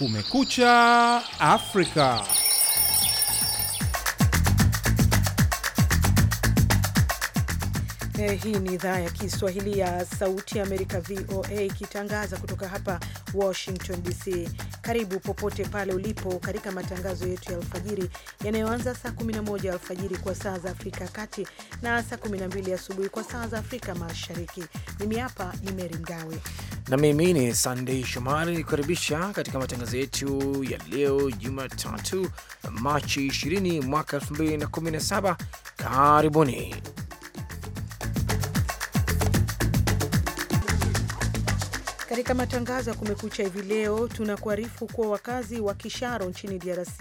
Kumekucha Afrika. Eh, hii ni idhaa ya Kiswahili ya Sauti ya Amerika, VOA, ikitangaza kutoka hapa Washington DC. Karibu popote pale ulipo katika matangazo yetu ya alfajiri yanayoanza saa 11 alfajiri kwa saa za Afrika ya Kati na saa 12 asubuhi kwa saa za Afrika Mashariki. Mimi hapa ni Meri Mgawe na mimi ni Sandei Shomari nikukaribisha katika matangazo yetu ya leo Jumatatu, Machi 20 mwaka 2017. Karibuni. Katika matangazo ya Kumekucha hivi leo, tunakuarifu kuwa wakazi wa Kisharo nchini DRC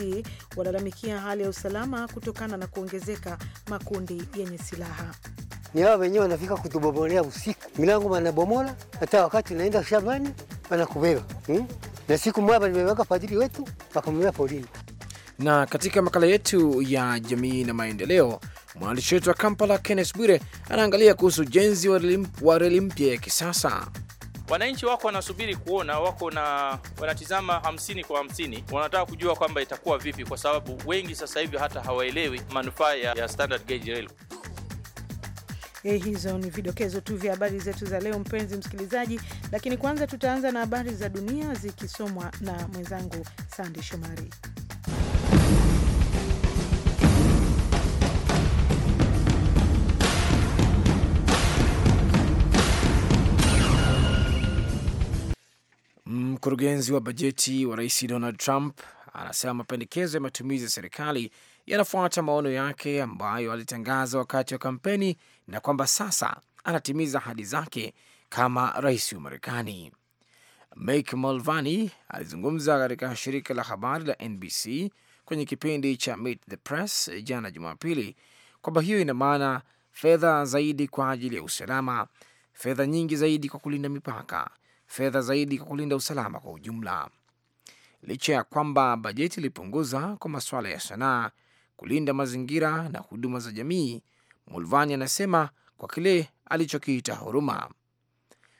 walalamikia hali ya usalama kutokana na kuongezeka makundi yenye silaha. Ni hao wenyewe wanafika kutubomolea usiku, milango wanabomola, hata wakati unaenda shambani wanakubeba hmm? na siku moja walimeweka fadhili wetu wakamwambia polini. Na katika makala yetu ya jamii na maendeleo, mwandishi wetu wa Kampala Kenneth Bwire anaangalia kuhusu ujenzi wa reli mpya ya kisasa. Wananchi wako wanasubiri kuona, wako na wanatizama hamsini kwa hamsini, wanataka kujua kwamba itakuwa vipi, kwa sababu wengi sasa hivi hata hawaelewi manufaa ya standard gauge rail. Eh, hizo ni vidokezo tu vya habari zetu za leo, mpenzi msikilizaji, lakini kwanza tutaanza na habari za dunia zikisomwa na mwenzangu Sande Shomari. Mkurugenzi wa bajeti wa Rais Donald Trump anasema mapendekezo ya matumizi ya serikali yanafuata maono yake ambayo alitangaza wakati wa kampeni na kwamba sasa anatimiza ahadi zake kama rais wa Marekani. Mike Mulvaney alizungumza katika shirika la habari la NBC kwenye kipindi cha Meet the Press jana Jumapili kwamba hiyo ina maana fedha zaidi kwa ajili ya usalama, fedha nyingi zaidi kwa kulinda mipaka fedha zaidi kwa kulinda usalama kwa ujumla. Licha ya kwamba bajeti ilipunguza kwa masuala ya sanaa, kulinda mazingira na huduma za jamii, Mulvani anasema kwa kile alichokiita huruma,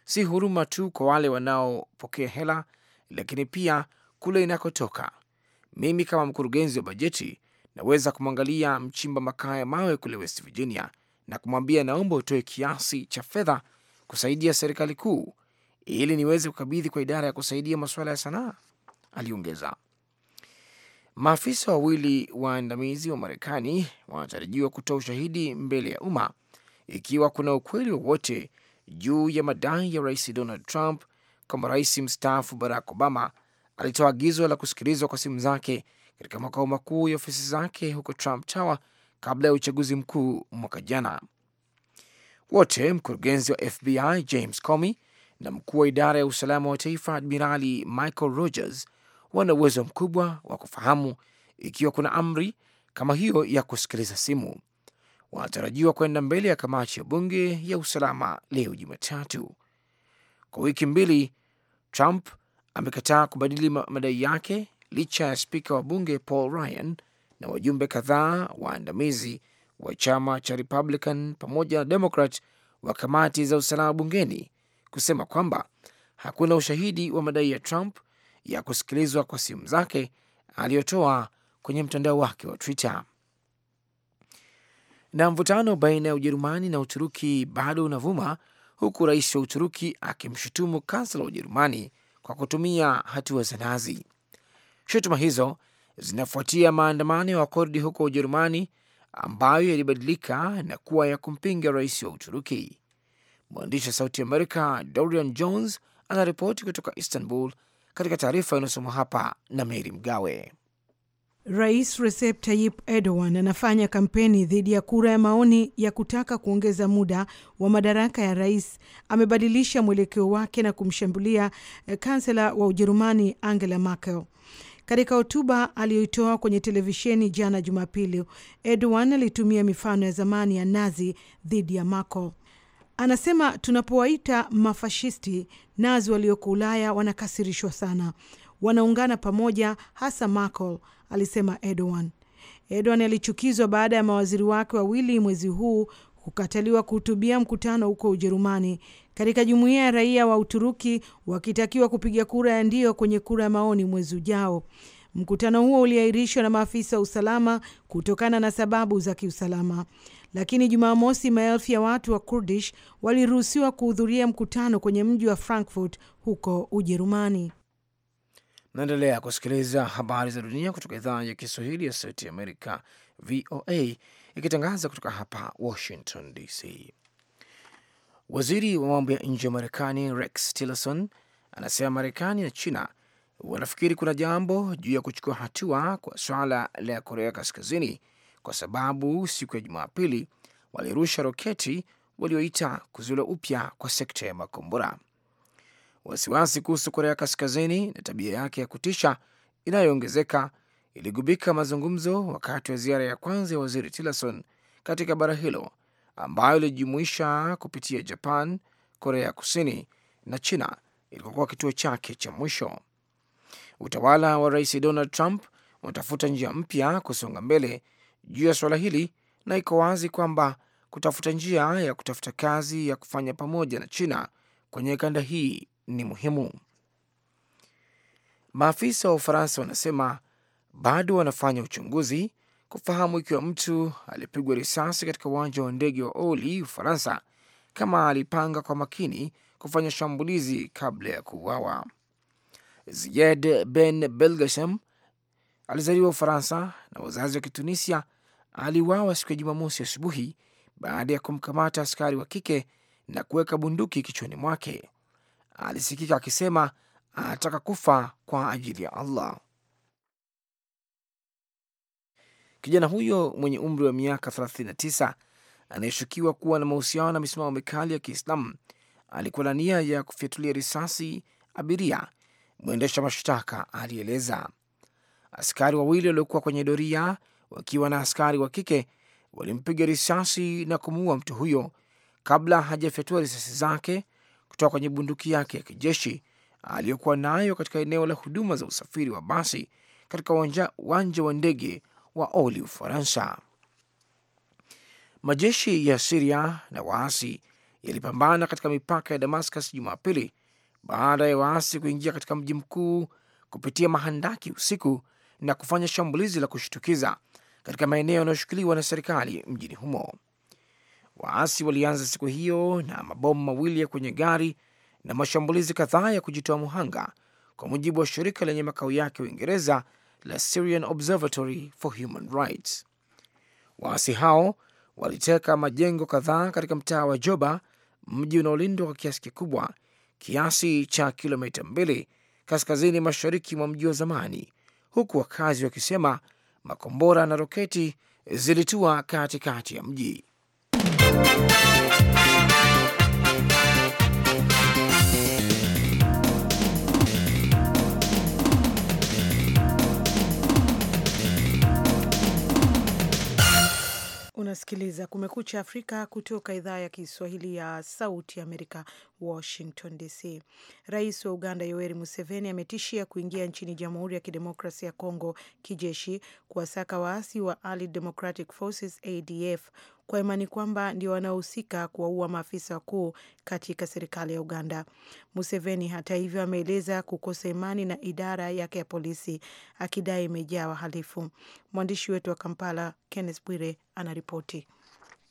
si huruma tu kwa wale wanaopokea hela, lakini pia kule inakotoka. Mimi kama mkurugenzi wa bajeti naweza kumwangalia mchimba makaa ya mawe kule West Virginia na kumwambia, naomba utoe kiasi cha fedha kusaidia serikali kuu ili niweze kukabidhi kwa idara ya kusaidia masuala ya sanaa, aliongeza. Maafisa wawili waandamizi wa Marekani wanatarajiwa kutoa ushahidi mbele ya umma ikiwa kuna ukweli wowote juu ya madai ya Rais Donald Trump kwamba rais mstaafu Barack Obama alitoa agizo la kusikilizwa kwa simu zake katika makao makuu ya ofisi zake huko Trump Tower kabla ya uchaguzi mkuu mwaka jana. Wote mkurugenzi wa FBI James Comey na mkuu wa idara ya usalama wa taifa Admirali Michael Rogers wana uwezo mkubwa wa kufahamu ikiwa kuna amri kama hiyo ya kusikiliza simu. Wanatarajiwa kwenda mbele ya kamati ya bunge ya usalama leo Jumatatu. Kwa wiki mbili, Trump amekataa kubadili madai yake licha ya spika wa bunge Paul Ryan na wajumbe kadhaa waandamizi wa chama cha Republican pamoja na Democrat wa kamati za usalama bungeni kusema kwamba hakuna ushahidi wa madai ya Trump ya kusikilizwa kwa simu zake aliyotoa kwenye mtandao wake wa Twitter. Na mvutano baina ya Ujerumani na Uturuki bado unavuma huku rais wa Uturuki akimshutumu kansela wa Ujerumani kwa kutumia hatua za Nazi. Shutuma hizo zinafuatia maandamano ya Wakordi huko Ujerumani ambayo yalibadilika na kuwa ya kumpinga rais wa Uturuki. Mwandishi wa Sauti Amerika Dorian Jones anaripoti kutoka Istanbul, katika taarifa inayosoma hapa na Meri Mgawe. Rais Recep Tayyip Erdogan anafanya kampeni dhidi ya kura ya maoni ya kutaka kuongeza muda wa madaraka ya rais. Amebadilisha mwelekeo wake na kumshambulia eh, kansela wa Ujerumani Angela Merkel. Katika hotuba aliyoitoa kwenye televisheni jana Jumapili, Erdogan alitumia mifano ya zamani ya Nazi dhidi ya Merkel. Anasema tunapowaita mafashisti nazi walioko Ulaya wanakasirishwa sana, wanaungana pamoja, hasa Merkel, alisema Erdogan. Erdogan alichukizwa baada ya mawaziri wake wawili mwezi huu kukataliwa kuhutubia mkutano huko Ujerumani, katika jumuiya ya raia wa Uturuki wakitakiwa kupiga kura ya ndio kwenye kura ya maoni mwezi ujao. Mkutano huo uliahirishwa na maafisa wa usalama kutokana na sababu za kiusalama lakini Jumamosi maelfu ya watu wa Kurdish waliruhusiwa kuhudhuria mkutano kwenye mji wa Frankfurt huko Ujerumani. Naendelea kusikiliza habari za dunia kutoka idhaa ya Kiswahili ya Sauti ya Amerika, VOA, ikitangaza kutoka hapa Washington DC. Waziri wa mambo ya nje wa Marekani Rex Tillerson anasema Marekani na China wanafikiri kuna jambo juu ya kuchukua hatua kwa swala la Korea Kaskazini kwa sababu siku ya Jumapili walirusha roketi walioita kuzula upya kwa sekta ya makombora. Wasiwasi kuhusu Korea Kaskazini na tabia yake ya kutisha inayoongezeka iligubika mazungumzo wakati wa ziara ya kwanza ya waziri Tillerson katika bara hilo ambayo ilijumuisha kupitia Japan, Korea ya Kusini na China ilikokuwa kituo chake cha mwisho. Utawala wa Rais Donald Trump unatafuta njia mpya kusonga mbele juu ya suala hili na iko wazi kwamba kutafuta njia ya kutafuta kazi ya kufanya pamoja na China kwenye kanda hii ni muhimu. Maafisa wa Ufaransa wanasema bado wanafanya uchunguzi kufahamu ikiwa mtu alipigwa risasi katika uwanja wa ndege wa oli Ufaransa, kama alipanga kwa makini kufanya shambulizi kabla ya kuuawa. Ziyed Ben Belgasham alizaliwa Ufaransa na wazazi wa Kitunisia, aliwawa siku ya Jumamosi asubuhi baada ya kumkamata askari wa kike na kuweka bunduki kichwani mwake. Alisikika akisema anataka kufa kwa ajili ya Allah. Kijana huyo mwenye umri wa miaka 39 anayeshukiwa kuwa na mahusiano na misimamo mikali ya Kiislamu alikuwa na nia ya kufyatulia risasi abiria, mwendesha mashtaka alieleza. Askari wawili waliokuwa kwenye doria wakiwa na askari wa kike walimpiga risasi na kumuua mtu huyo kabla hajafyatua risasi zake kutoka kwenye bunduki yake ya kijeshi aliyokuwa nayo katika eneo la huduma za usafiri wa basi katika uwanja wa ndege wa oli Ufaransa. Majeshi ya Siria na waasi yalipambana katika mipaka ya Damascus Jumapili baada ya waasi kuingia katika mji mkuu kupitia mahandaki usiku na kufanya shambulizi la kushtukiza katika maeneo yanayoshukuliwa na serikali mjini humo. Waasi walianza siku hiyo na mabomu mawili ya kwenye gari na mashambulizi kadhaa ya kujitoa muhanga, kwa mujibu wa shirika lenye makao yake Uingereza la Syrian Observatory for Human Rights. Waasi hao waliteka majengo kadhaa katika mtaa wa Joba, mji unaolindwa kwa kiasi kikubwa, kiasi cha kilomita mbili kaskazini mashariki mwa mji wa zamani huku wakazi wakisema makombora na roketi zilitua katikati ya mji. Unasikiliza Kumekucha Afrika kutoka idhaa ya Kiswahili ya Sauti Amerika, Washington DC. Rais wa Uganda Yoweri Museveni ametishia kuingia nchini Jamhuri ya Kidemokrasia ya Kongo kijeshi kuwasaka waasi wa Allied Democratic Forces, ADF, kwa imani kwamba ndio wanaohusika kuwaua maafisa wakuu katika serikali ya Uganda. Museveni hata hivyo ameeleza kukosa imani na idara yake ya polisi, akidai imejaa wahalifu. Mwandishi wetu wa Kampala, Kenneth Bwire, anaripoti.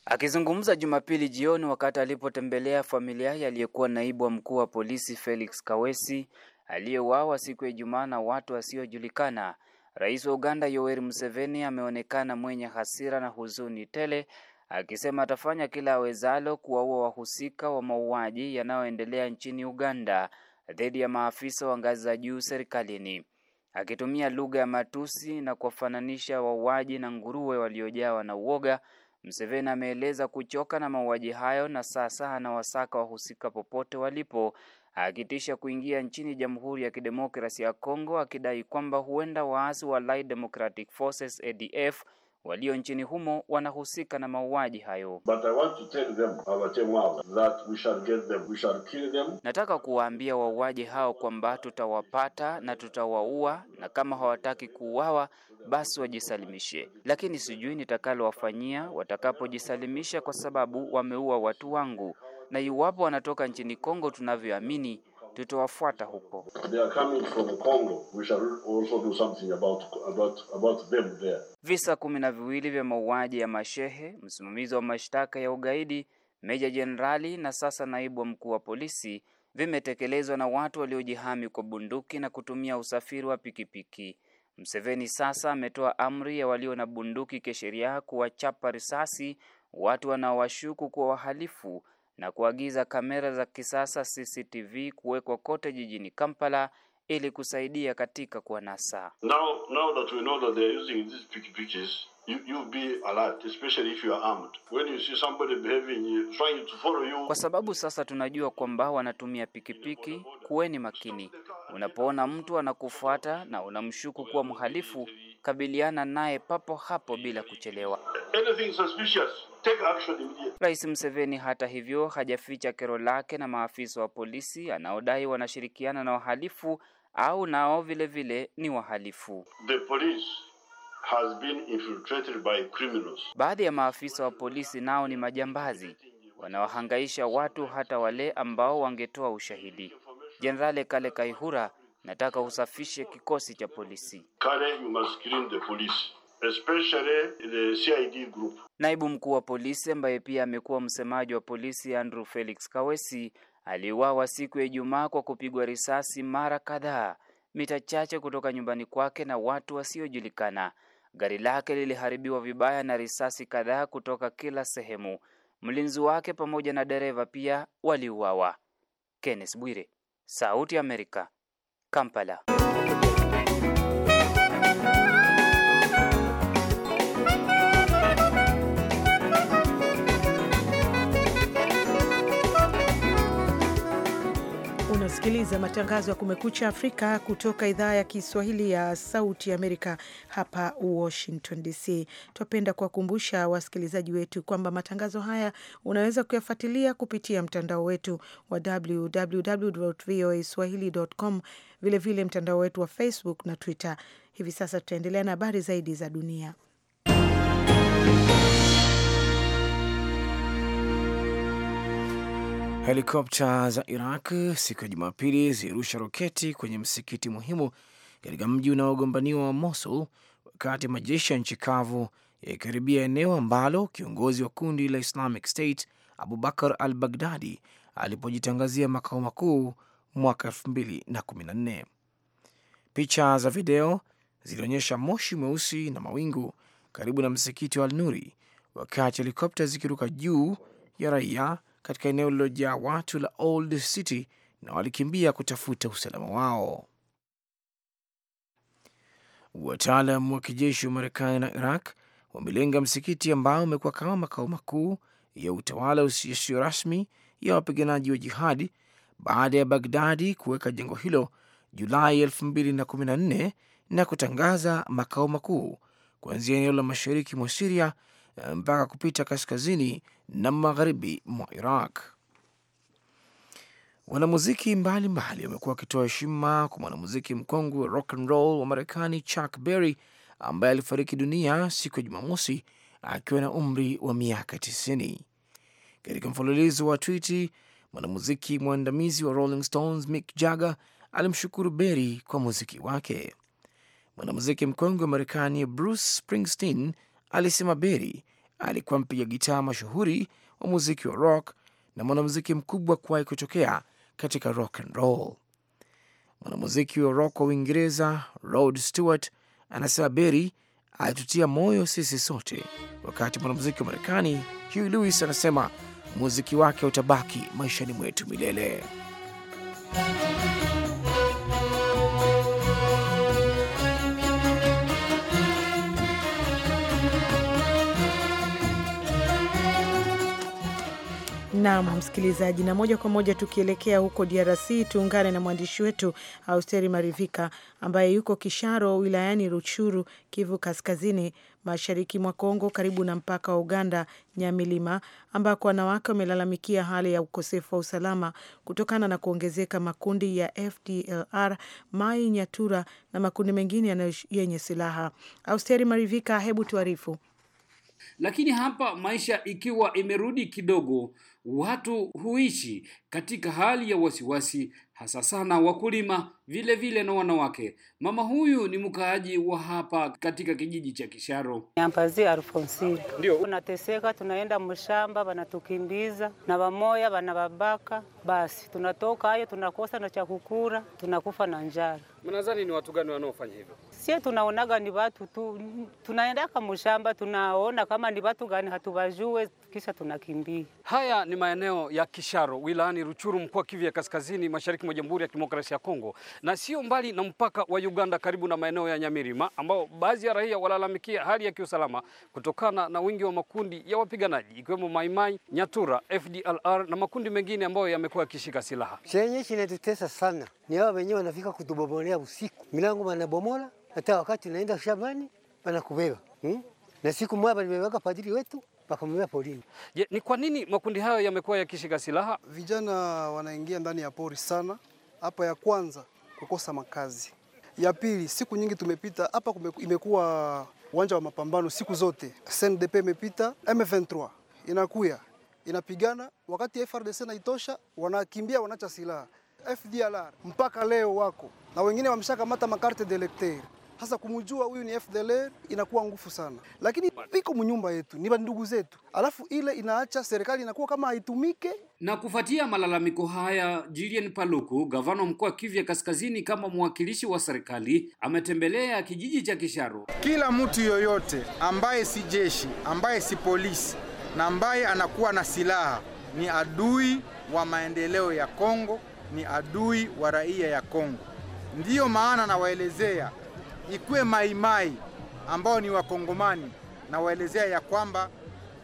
Akizungumza Jumapili jioni wakati alipotembelea familia aliyekuwa naibu wa mkuu wa polisi Felix Kawesi aliyeuawa siku ya Ijumaa na watu wasiojulikana, rais wa Uganda Yoweri Museveni ameonekana mwenye hasira na huzuni tele akisema atafanya kila awezalo kuwaua wahusika wa mauaji yanayoendelea nchini Uganda dhidi ya maafisa wa ngazi za juu serikalini, akitumia lugha ya matusi na kuwafananisha wauaji na nguruwe waliojawa na uoga. Mseveni ameeleza kuchoka na mauaji hayo na sasa anawasaka wahusika popote walipo, akitisha kuingia nchini Jamhuri ya Kidemokrasia ya Kongo, akidai kwamba huenda waasi wa Allied Democratic Forces ADF walio nchini humo wanahusika na mauaji hayo. Nataka kuwaambia wauaji hao kwamba tutawapata na tutawaua, na kama hawataki kuuawa basi wajisalimishe, lakini sijui nitakalowafanyia watakapojisalimisha, kwa sababu wameua watu wangu, na iwapo wanatoka nchini Kongo tunavyoamini tutawafuata huko. visa kumi na viwili vya mauaji ya mashehe, msimamizi wa mashtaka ya ugaidi, meja jenerali na sasa naibu wa mkuu wa polisi vimetekelezwa na watu waliojihami kwa bunduki na kutumia usafiri wa pikipiki. Mseveni sasa ametoa amri ya walio na bunduki kisheria kuwachapa risasi watu wanaowashuku kuwa wahalifu na kuagiza kamera za kisasa CCTV kuwekwa kote jijini Kampala ili kusaidia katika kuwanasa. Now, now that we know that they are using these you, you be alert, especially if you are armed. When you see somebody behaving, trying to follow you. Kwa sababu sasa tunajua kwamba wanatumia pikipiki, kuweni makini. Unapoona mtu anakufuata na unamshuku kuwa mhalifu Kabiliana naye papo hapo bila kuchelewa. Rais Museveni hata hivyo hajaficha kero lake na maafisa wa polisi anaodai wanashirikiana na wahalifu au nao vile vile ni wahalifu. The police has been infiltrated by criminals. Baadhi ya maafisa wa polisi nao ni majambazi wanawahangaisha watu hata wale ambao wangetoa ushahidi. Jenerali Kale Kaihura Nataka usafishe kikosi cha polisi. Kale you must clean the police. Especially the CID group. Naibu mkuu wa polisi ambaye pia amekuwa msemaji wa polisi Andrew Felix Kawesi aliuawa siku ya Ijumaa kwa kupigwa risasi mara kadhaa mita chache kutoka nyumbani kwake na watu wasiojulikana. Gari lake liliharibiwa vibaya na risasi kadhaa kutoka kila sehemu. Mlinzi wake pamoja na dereva pia waliuawa. Kenneth Bwire, Sauti ya Amerika, Kampala. unasikiliza matangazo ya Kumekucha Afrika kutoka idhaa ya Kiswahili ya Sauti Amerika hapa Washington DC. Twapenda kuwakumbusha wasikilizaji wetu kwamba matangazo haya unaweza kuyafuatilia kupitia mtandao wetu wa www voa swahili.com, vilevile mtandao wetu wa Facebook na Twitter. Hivi sasa tutaendelea na habari zaidi za dunia. Helikopta za Iraq siku ya Jumapili zilirusha roketi kwenye msikiti muhimu katika mji unaogombaniwa wa Mosul wakati majeshi ya nchi kavu yakikaribia eneo ambalo kiongozi wa kundi la Islamic State Abubakar al Baghdadi alipojitangazia makao makuu mwaka 214 Picha za video zilionyesha moshi mweusi na mawingu karibu na msikiti wa Al Nuri wakati helikopta zikiruka juu ya raia katika eneo lililojaa watu la Old City na walikimbia kutafuta usalama wao. Wataalam wa kijeshi wa Marekani na Iraq wamelenga msikiti ambao umekuwa kama makao makuu ya utawala usio rasmi ya wapiganaji wa jihadi baada ya Bagdadi kuweka jengo hilo Julai 2014 na kutangaza makao makuu kuanzia eneo la mashariki mwa Siria Eh, mpaka kupita kaskazini na magharibi mwa Iraq. Wanamuziki mbalimbali wamekuwa wakitoa heshima kwa mwanamuziki mkongwe wa rock and roll wa Marekani Chuck Berry ambaye alifariki dunia siku ya Jumamosi akiwa na umri wa miaka 90. Katika mfululizo wa twiti, mwanamuziki mwandamizi wa Rolling Stones Mick Jagger alimshukuru Berry kwa muziki wake. Mwanamuziki mkongwe wa Marekani Bruce Springsteen alisema Berry alikuwa mpiga gitaa mashuhuri wa muziki wa rock na mwanamuziki mkubwa kuwahi kutokea katika rock and roll. Mwanamuziki wa rock wa Uingereza Rod Stewart anasema Berry alitutia moyo sisi sote, wakati mwanamuziki wa Marekani Huey Lewis anasema muziki wake utabaki maishani mwetu milele. Naam, msikilizaji, na moja kwa moja tukielekea huko DRC tuungane na mwandishi wetu Austeri Marivika ambaye yuko Kisharo wilayani Ruchuru, Kivu Kaskazini, mashariki mwa Kongo, karibu na mpaka wa Uganda, Nyamilima, ambako wanawake wamelalamikia hali ya ukosefu wa usalama kutokana na kuongezeka makundi ya FDLR, Mai Nyatura na makundi mengine yenye silaha. Austeri Marivika, hebu tuarifu. Lakini hapa maisha ikiwa imerudi kidogo, watu huishi katika hali ya wasiwasi, hasa sana wakulima, vile vile na wanawake. Mama huyu ni mkaaji wa hapa katika kijiji cha Kisharo. Nyampazi alfonsini ndio tunateseka, tunaenda mshamba, wanatukimbiza na wamoya wanababaka, basi tunatoka hayo, tunakosa na chakukura, tunakufa na njara. Mnadhani ni watu gani wanaofanya hivyo? sie tunaonaga ni watu tu, tunaendaka mshamba tunaona kama ni watu gani hatuwajue, kisha tunakimbia. Haya ni maeneo ya Kisharo wilayani Ruchuru, mkoa Kivu ya kaskazini mashariki mwa Jamhuri ya Kidemokrasia ya Kongo, na sio mbali na mpaka wa Uganda, karibu na maeneo ya Nyamirima, ambao baadhi ya raia walalamikia hali ya kiusalama kutokana na wingi wa makundi ya wapiganaji ikiwemo Maimai, Nyatura, FDLR na makundi mengine ambayo yamekuwa yakishika silaha. Chenye kinatutesa sana ni hao wenyewe wanafika kutubomolea usiku, milango wanabomola hata wakati naenda shambani wanakubeba hmm? na siku moja walimeweka padri wetu wakamweka porini. Je, ni kwa nini makundi hayo yamekuwa yakishika silaha? Vijana wanaingia ndani ya pori sana. Hapa ya kwanza kukosa makazi, ya pili, siku nyingi tumepita hapa, imekuwa uwanja wa mapambano siku zote. SNDP imepita, M23 inakuya inapigana, wakati FRDC naitosha, wanakimbia wanacha silaha. FDLR mpaka leo wako na wengine wameshakamata makarte delecteur Hasa kumjua huyu ni FDLR inakuwa ngufu sana, lakini iko mnyumba yetu, ni ndugu zetu, alafu ile inaacha serikali inakuwa kama haitumike. Na kufuatia malalamiko haya, julian Paluku, gavana mkuu wa Kivu Kaskazini, kama mwakilishi wa serikali, ametembelea kijiji cha Kisharo. Kila mtu yoyote ambaye si jeshi, ambaye si polisi na ambaye anakuwa na silaha ni adui wa maendeleo ya Kongo, ni adui wa raia ya Kongo. Ndiyo maana nawaelezea ikuwe maimai ambao ni wakongomani na waelezea ya kwamba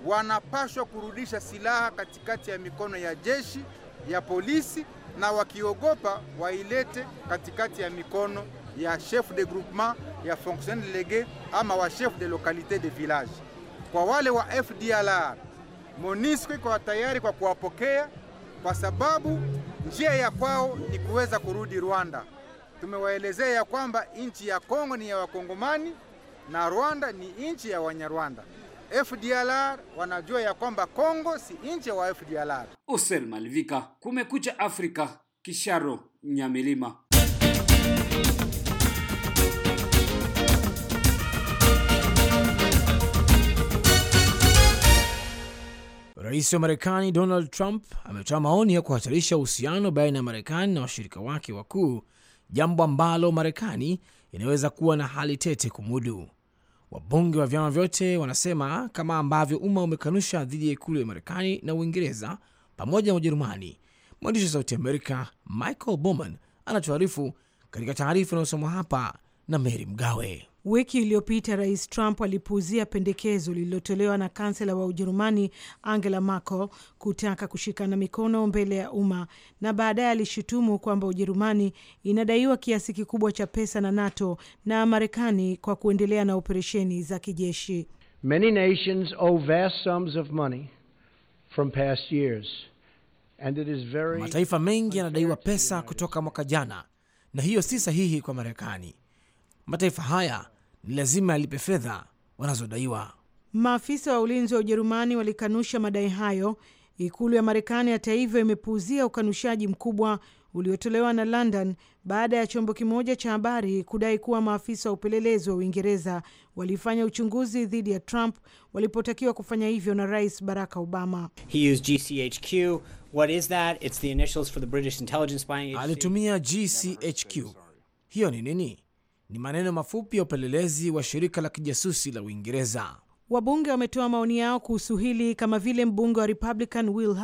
wanapashwa kurudisha silaha katikati ya mikono ya jeshi ya polisi, na wakiogopa wailete katikati ya mikono ya chef de groupement ya fonction delegue ama wa chef de localité de village. Kwa wale wa FDLR, MONUSCO iko tayari kwa kuwapokea, kwa sababu njia ya kwao ni kuweza kurudi Rwanda tumewaelezea kwamba nchi ya Kongo ni ya Wakongomani na Rwanda ni nchi ya Wanyarwanda. FDLR wanajua ya kwamba Kongo si nchi ya wa FDLR. Osel Malvika, Kumekucha Afrika, Kisharo, Nyamilima. Rais wa Marekani Donald Trump ametoa maoni ya kuhatarisha uhusiano baina ya Marekani na washirika wake wakuu jambo ambalo Marekani inaweza kuwa na hali tete kumudu. Wabunge wa vyama vyote wanasema kama ambavyo umma umekanusha dhidi ya ikulu ya Marekani na Uingereza pamoja na Ujerumani. Mwandishi wa Sauti Amerika Michael Bowman anatuarifu katika taarifa inayosomwa hapa na Meri Mgawe. Wiki iliyopita Rais Trump alipuuzia pendekezo lililotolewa na kansela wa Ujerumani Angela Merkel kutaka kushikana mikono mbele ya umma, na baadaye alishutumu kwamba Ujerumani inadaiwa kiasi kikubwa cha pesa na NATO na Marekani kwa kuendelea na operesheni za kijeshi. Many nations owe vast sums of money from past years. And it is very... mataifa mengi yanadaiwa pesa kutoka mwaka jana, na hiyo si sahihi kwa Marekani. Mataifa haya ni lazima alipe fedha wanazodaiwa. Maafisa wa ulinzi wa Ujerumani walikanusha madai hayo. Ikulu ya Marekani hata hivyo imepuuzia ukanushaji mkubwa uliotolewa na London baada ya chombo kimoja cha habari kudai kuwa maafisa wa upelelezi wa Uingereza walifanya uchunguzi dhidi ya Trump walipotakiwa kufanya hivyo na Rais Barack Obama. He used GCHQ. What is that? It's the initials for the British Intelligence Spying Agency. Alitumia GCHQ. Hiyo ni nini? ni maneno mafupi ya upelelezi wa shirika la kijasusi la Uingereza. Wabunge wametoa maoni yao kuhusu hili, kama vile mbunge wa Republican Will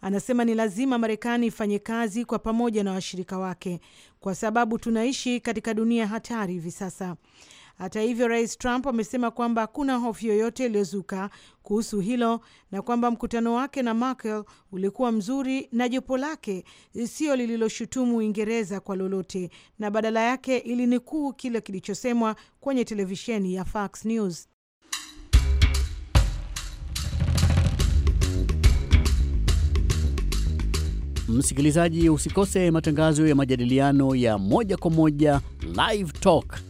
anasema ni lazima Marekani ifanye kazi kwa pamoja na washirika wake, kwa sababu tunaishi katika dunia hatari hivi sasa. Hata hivyo, Rais Trump amesema kwamba hakuna hofu yoyote iliyozuka kuhusu hilo na kwamba mkutano wake na Merkel ulikuwa mzuri na jopo lake sio lililoshutumu Uingereza kwa lolote na badala yake ilinukuu kile kilichosemwa kwenye televisheni ya Fox News. Msikilizaji, usikose matangazo ya majadiliano ya moja kwa moja Live Talk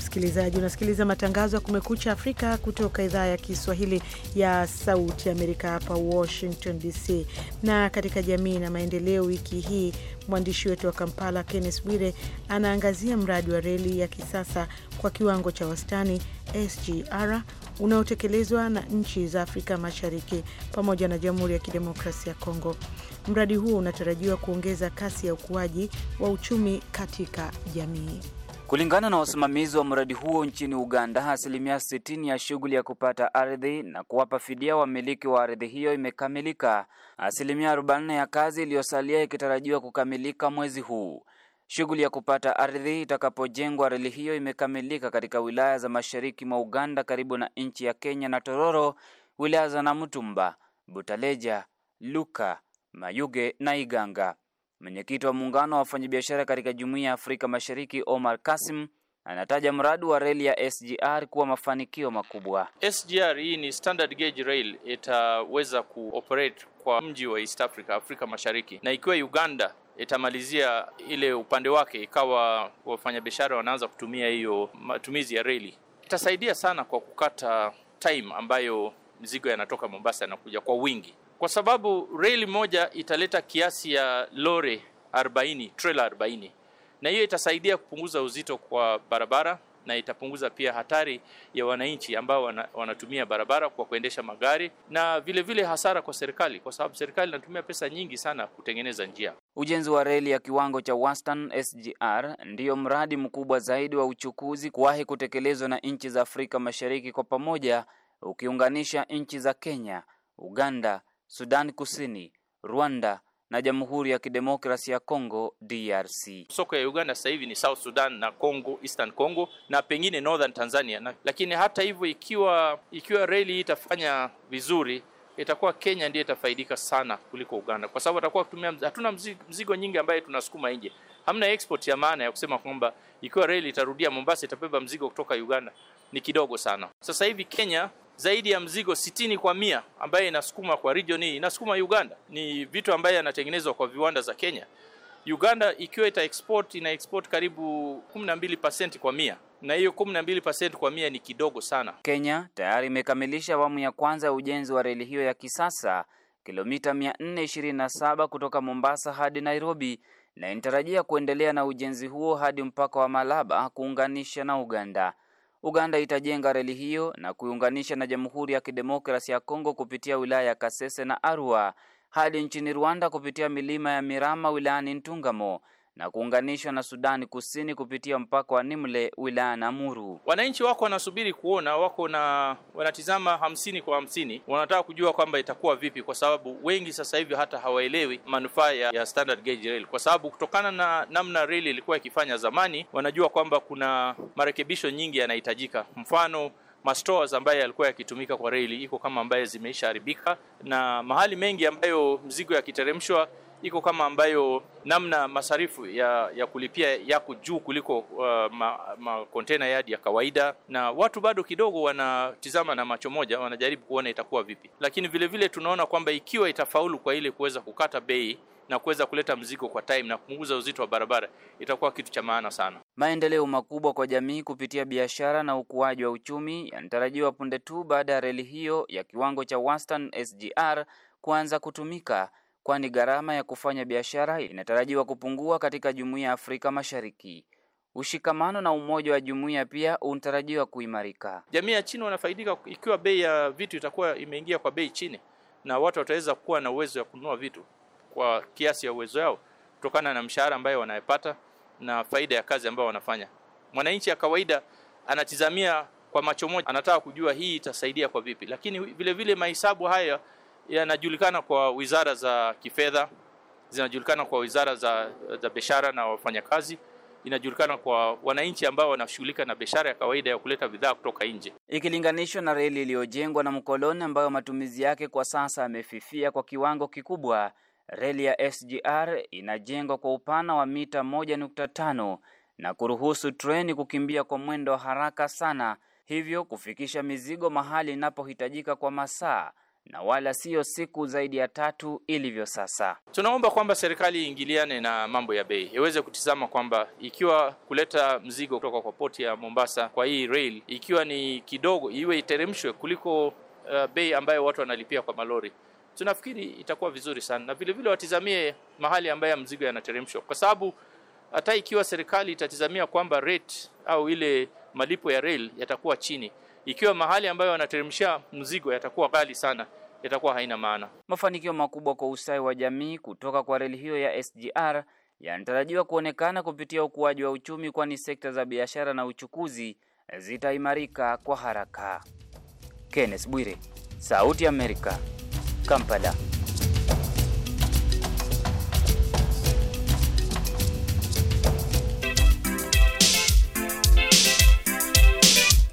msikilizaji, unasikiliza matangazo ya Kumekucha Afrika kutoka idhaa ya Kiswahili ya Sauti Amerika hapa Washington DC. Na katika jamii na maendeleo, wiki hii mwandishi wetu wa Kampala kennes Bwire anaangazia mradi wa reli ya kisasa kwa kiwango cha wastani SGR unaotekelezwa na nchi za Afrika Mashariki pamoja na Jamhuri ya Kidemokrasia ya Kongo. Mradi huo unatarajiwa kuongeza kasi ya ukuaji wa uchumi katika jamii. Kulingana na wasimamizi wa mradi huo nchini Uganda, asilimia 60 ya shughuli ya kupata ardhi na kuwapa fidia wamiliki wa ardhi hiyo imekamilika, asilimia 40 ya kazi iliyosalia ikitarajiwa kukamilika mwezi huu. Shughuli ya kupata ardhi itakapojengwa reli hiyo imekamilika katika wilaya za mashariki mwa Uganda karibu na nchi ya Kenya na Tororo, wilaya za Namutumba, Butaleja, Luka, Mayuge na Iganga. Mwenyekiti wa muungano wa wafanyabiashara katika Jumuiya ya Afrika Mashariki, Omar Kasim anataja mradi wa reli ya SGR kuwa mafanikio makubwa. SGR hii ni standard gauge rail, itaweza kuoperate kwa mji wa East Africa, Afrika Mashariki, na ikiwa Uganda itamalizia ile upande wake, ikawa wafanyabiashara wanaanza kutumia hiyo matumizi ya reli, itasaidia sana kwa kukata time ambayo mzigo yanatoka Mombasa yanakuja kwa wingi kwa sababu reli moja italeta kiasi ya lore 40, trela 40, na hiyo itasaidia kupunguza uzito kwa barabara na itapunguza pia hatari ya wananchi ambao wana, wanatumia barabara kwa kuendesha magari na vile vile hasara kwa serikali, kwa sababu serikali inatumia pesa nyingi sana kutengeneza njia. Ujenzi wa reli ya kiwango cha wastani SGR ndiyo mradi mkubwa zaidi wa uchukuzi kuwahi kutekelezwa na nchi za Afrika Mashariki kwa pamoja, ukiunganisha nchi za Kenya, Uganda, Sudan Kusini, Rwanda na Jamhuri ya Kidemokrasi ya Kongo DRC. Soko ya Uganda sasa hivi ni South Sudan na Congo, Eastern Congo na pengine Northern Tanzania na, lakini hata hivyo ikiwa ikiwa reli itafanya vizuri itakuwa Kenya ndiye itafaidika sana kuliko Uganda, kwa sababu atakuwa kutumia, hatuna mzigo, mzigo nyingi ambaye tunasukuma nje. Hamna export ya maana ya kusema kwamba ikiwa reli itarudia Mombasa itabeba mzigo kutoka Uganda, ni kidogo sana. Sasa hivi Kenya zaidi ya mzigo sitini kwa mia ambaye inasukuma kwa region hii inasukuma Uganda. Ni vitu ambaye yanatengenezwa kwa viwanda za Kenya. Uganda ikiwa ita export ina export karibu 12% kwa mia na hiyo 12% kwa mia ni kidogo sana. Kenya tayari imekamilisha awamu ya kwanza ya ujenzi wa reli hiyo ya kisasa kilomita 427 kutoka Mombasa hadi Nairobi na inatarajia kuendelea na ujenzi huo hadi mpaka wa Malaba kuunganisha na Uganda. Uganda itajenga reli hiyo na kuiunganisha na Jamhuri ya Kidemokrasia ya Kongo kupitia wilaya ya Kasese na Arua hadi nchini Rwanda kupitia milima ya Mirama wilayani Ntungamo na kuunganishwa na Sudani Kusini kupitia mpaka wa Nimle wilaya Namuru. Wananchi wako wanasubiri kuona, wako na wanatizama hamsini kwa hamsini, wanataka kujua kwamba itakuwa vipi, kwa sababu wengi sasa hivi hata hawaelewi manufaa ya, ya standard gauge rail, kwa sababu kutokana na namna reli ilikuwa ikifanya zamani, wanajua kwamba kuna marekebisho nyingi yanahitajika, mfano mastores ambayo yalikuwa yakitumika kwa reli iko kama ambayo zimeisha haribika, na mahali mengi ambayo mzigo yakiteremshwa iko kama ambayo namna masarifu ya, ya kulipia yako juu kuliko uh, makontena ma yadi ya kawaida, na watu bado kidogo wanatizama na macho moja, wanajaribu kuona itakuwa vipi, lakini vile vile tunaona kwamba ikiwa itafaulu kwa ile kuweza kukata bei na kuweza kuleta mzigo kwa time na kupunguza uzito wa barabara itakuwa kitu cha maana sana. Maendeleo makubwa kwa jamii kupitia biashara na ukuaji wa uchumi yanatarajiwa punde tu baada ya reli hiyo ya kiwango cha wastani SGR kuanza kutumika kwani gharama ya kufanya biashara inatarajiwa kupungua katika Jumuiya ya Afrika Mashariki. Ushikamano na umoja wa jumuiya pia unatarajiwa kuimarika. Jamii ya chini wanafaidika ikiwa bei ya vitu itakuwa imeingia kwa bei chini, na watu wataweza kuwa na uwezo wa kununua vitu kwa kiasi ya uwezo wao kutokana na mshahara ambayo wanayepata na faida ya kazi ambayo wanafanya. Mwananchi ya kawaida anatizamia kwa macho moja, anataka kujua hii itasaidia kwa vipi, lakini vilevile mahesabu haya yanajulikana kwa wizara za kifedha, zinajulikana kwa wizara za, za biashara na wafanyakazi inajulikana kwa wananchi ambao wanashughulika na biashara ya kawaida ya kuleta bidhaa kutoka nje, ikilinganishwa na reli iliyojengwa na mkoloni ambayo matumizi yake kwa sasa yamefifia kwa kiwango kikubwa. Reli ya SGR inajengwa kwa upana wa mita 1.5 na kuruhusu treni kukimbia kwa mwendo wa haraka sana, hivyo kufikisha mizigo mahali inapohitajika kwa masaa na wala siyo siku zaidi ya tatu ilivyo sasa. Tunaomba kwamba serikali iingiliane na mambo ya bei, iweze kutizama kwamba ikiwa kuleta mzigo kutoka kwa poti ya Mombasa kwa hii rail ikiwa ni kidogo, iwe iteremshwe kuliko uh, bei ambayo watu wanalipia kwa malori. Tunafikiri itakuwa vizuri sana, na vilevile watizamie mahali ambayo mzigo yanateremshwa, kwa sababu hata ikiwa serikali itatizamia kwamba rate au ile malipo ya rail yatakuwa chini ikiwa mahali ambayo wanateremshia mzigo yatakuwa ghali sana, yatakuwa haina maana. Mafanikio makubwa kwa ustawi wa jamii kutoka kwa reli hiyo ya SGR yanatarajiwa kuonekana kupitia ukuaji wa uchumi, kwani sekta za biashara na uchukuzi zitaimarika kwa haraka. Kenneth Bwire, Sauti ya Amerika, Kampala.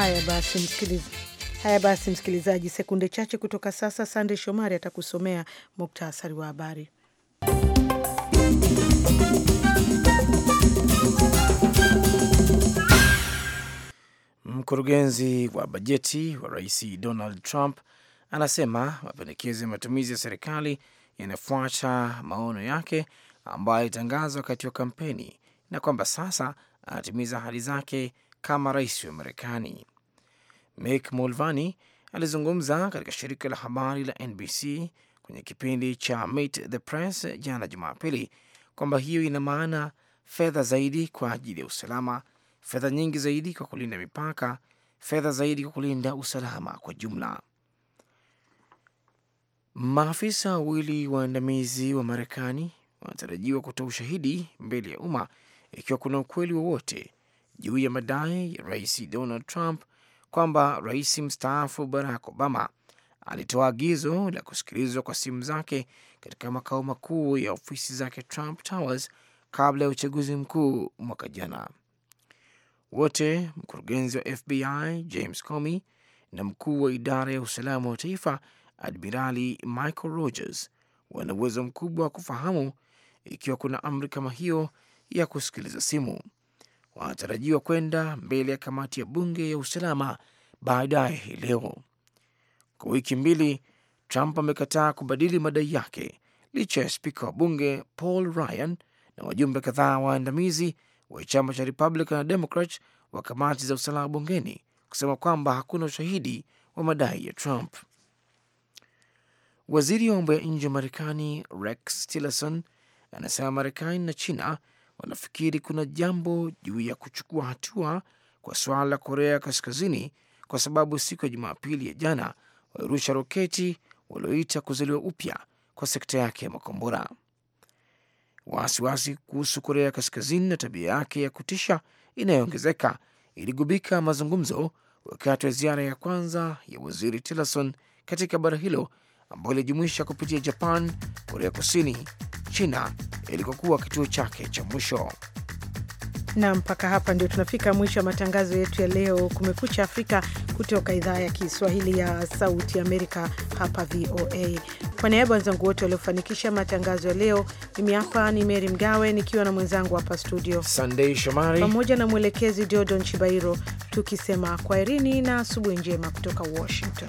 Haya basi, msikilizaji. Haya basi, msikilizaji, sekunde chache kutoka sasa, Sande Shomari atakusomea muktasari wa habari. Mkurugenzi wa bajeti wa Rais Donald Trump anasema mapendekezo ya matumizi ya serikali yanafuata maono yake ambayo alitangazwa wakati wa kampeni na kwamba sasa anatimiza ahadi zake kama rais wa Marekani. Mick Mulvaney alizungumza katika shirika la habari la NBC kwenye kipindi cha Meet the Press jana Jumapili kwamba hiyo ina maana fedha zaidi kwa ajili ya usalama, fedha nyingi zaidi kwa kulinda mipaka, fedha zaidi kwa kulinda usalama kwa jumla. Maafisa wawili waandamizi wa Marekani wanatarajiwa kutoa ushahidi mbele ya umma ikiwa kuna ukweli wowote juu ya madai ya Rais Donald Trump kwamba rais mstaafu Barack Obama alitoa agizo la kusikilizwa kwa simu zake katika makao makuu ya ofisi zake Trump Towers kabla ya uchaguzi mkuu mwaka jana. Wote mkurugenzi wa FBI James Comey na mkuu wa idara ya usalama wa taifa Admirali Michael Rogers wana uwezo mkubwa wa kufahamu ikiwa kuna amri kama hiyo ya kusikiliza simu wanatarajiwa kwenda mbele ya kamati ya bunge ya usalama baadaye hii leo. Kwa wiki mbili, Trump amekataa kubadili madai yake licha ya spika wa bunge Paul Ryan na wajumbe kadhaa waandamizi wa chama cha Republican na Democrat wa kamati za usalama bungeni kusema kwamba hakuna ushahidi wa madai ya Trump. Waziri wa mambo ya nje wa Marekani Rex Tillerson anasema Marekani na China wanafikiri kuna jambo juu ya kuchukua hatua kwa suala la Korea Kaskazini kwa sababu siku ya Jumapili ya jana walirusha roketi walioita kuzaliwa upya kwa sekta yake ya makombora. Wasiwasi kuhusu Korea Kaskazini na tabia yake ya kutisha inayoongezeka iligubika mazungumzo wakati wa ziara ya kwanza ya waziri Tillerson katika bara hilo ambayo ilijumuisha kupitia Japan, Korea Kusini, China ilikokuwa kituo chake cha mwisho. Na mpaka hapa ndio tunafika mwisho wa matangazo yetu ya leo, Kumekucha Afrika, kutoka idhaa ya Kiswahili ya Sauti Amerika, hapa VOA. Kwa niaba wenzangu wote waliofanikisha matangazo ya leo, mimi hapa ni Meri Mgawe nikiwa na mwenzangu hapa studio Sandei Shomari pamoja na mwelekezi Diodon Chibairo, tukisema kwaherini na asubuhi njema kutoka Washington.